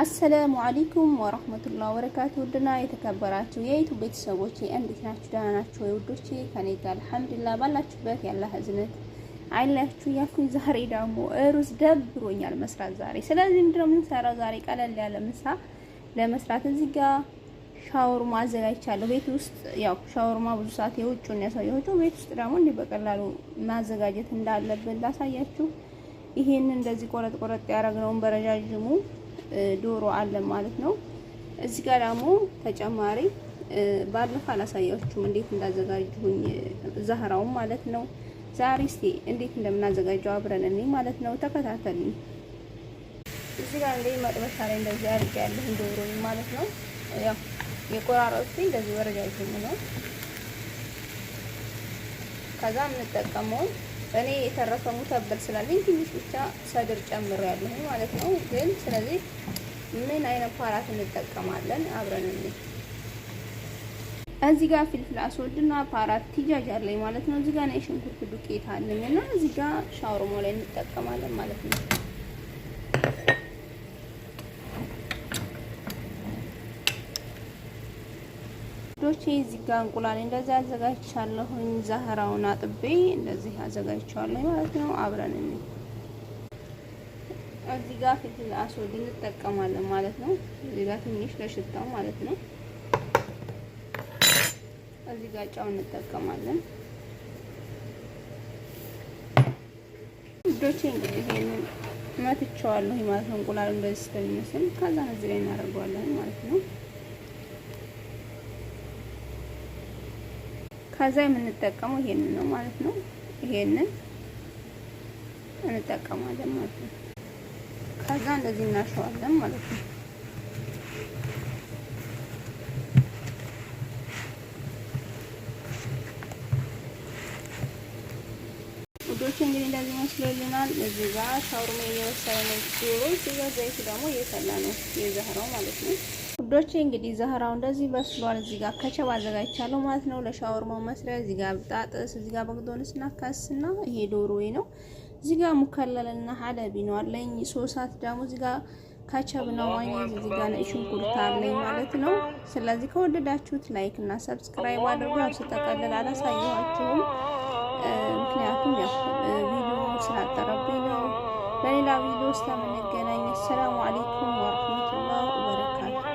አሰላሙ አለይኩም ወረህመቱላሂ ወበረካቱ። ውድና የተከበራችሁ የኢቱ ቤተሰቦች እንዴት ናችሁ? ደህና ናችሁ ወይ ውዶቼ? ከኔ ጋር አልሐምዱሊላህ። ባላችሁበት ያለ ህዝነት አይለያችሁ እያልኩኝ ዛሬ ደግሞ ሩዝ ደብሮኛል መስራት ዛሬ። ስለዚህ ምንድን ነው የምንሰራው ዛሬ? ቀለል ያለ ምሳ ለመስራት እዚህ ጋር ሻወርማ አዘጋጅቻለሁ ቤት ውስጥ። ያው ሻወርማ ብዙ ሰዓት የውጭውን ያሳየኋቸው፣ ቤት ውስጥ ደግሞ እንዲህ በቀላሉ ማዘጋጀት እንዳለብን ላሳያችሁ። ይሄንን እንደዚህ ቆረጥ ቆረጥ ያደረግነውን በረጃጅሙ ዶሮ አለ ማለት ነው። እዚህ ጋር ደግሞ ተጨማሪ ባለፈው አላሳያችሁም እንዴት እንዳዘጋጅሁኝ ዛህራውን ማለት ነው። ዛሬ እስቲ እንዴት እንደምናዘጋጀው አብረን እኔ ማለት ነው ተከታተሉኝ። እዚህ ጋር እንደ መጥበሻ ላይ እንደዚህ አድርጌያለሁ ዶሮ ማለት ነው። ያው የቆራረጥኩት እንደዚህ ወረጃ ነው። ከዛ የምንጠቀመውን እኔ የተረፈ ሙተበል ስላለኝ ትንሽ ብቻ ሰድር ጨምሮ ያለሁ ማለት ነው። ግን ስለዚህ ምን አይነት ፓራት እንጠቀማለን አብረን እንይ። እዚህ ጋር ፊልፍል አስወድና ፓራት ቲጃጅ አለኝ ማለት ነው። እዚህ ጋር ነው የሽንኩርት ዱቄት አለኝ እና እዚህ ጋር ሻውርሞ ላይ እንጠቀማለን ማለት ነው። ውዶች እዚህ ጋር እንቁላል እንደዚህ አዘጋጅቻለሁ። ዛህራውን አጥቤ እንደዚህ አዘጋጅቻለሁ ማለት ነው። አብረን እኔ እዚህ ጋር ፍትል አስወድ እንጠቀማለን ማለት ነው። እዚህ ጋር ትንሽ ለሽታው ማለት ነው። እዚህ ጋር ጫው እንጠቀማለን። ውዶቼ እንግዲህ ይሄንን መትቸዋለሁ ማለት ነው። እንቁላል እንደዚህ ስለሚመስል ከዛ እዚህ ላይ እናደርገዋለን ማለት ነው። ከዛ የምንጠቀመው ይሄንን ነው ማለት ነው። ይሄንን እንጠቀማለን ማለት ነው። ከዛ እንደዚህ እናሸዋለን ማለት ነው። ውዶች እንግዲህ እንደዚህ መስሎልናል። እዚህ ጋር ሻውርማ የወሰነ ነው ዶሮ፣ እዚህ ጋር ዘይት ደግሞ እየፈላ ነው የዘህራው ማለት ነው። ውዶቼ እንግዲህ ዘህራው እንደዚህ በስሏል። እዚህ ጋር ከቸብ አዘጋጅቻለሁ ማለት ነው ለሻወርማው መስሪያ። እዚህ ጋር ብጣጥስ፣ እዚህ ጋር በግዶንስና እና ይሄ ዶሮዬ ነው። እዚህ ጋር እና ሀለቢ ነው አለኝ። ሶሳት ደግሞ እዚህ ጋር ካቸብ ነው አለኝ። እዚህ ጋር ነው ሽንኩርት አለኝ ማለት ነው። ስለዚህ ከወደዳችሁት ላይክ እና ሰብስክራይብ አድርጉ። ያው ስጠቀልል አላሳየኋችሁም ምክንያቱም ቪዲዮ ስላጠረብኝ ነው። በሌላ ቪዲዮ እስከምንገናኝ አሰላሙ አሌይኩም ወረህመቱላህ ወበረካቱ።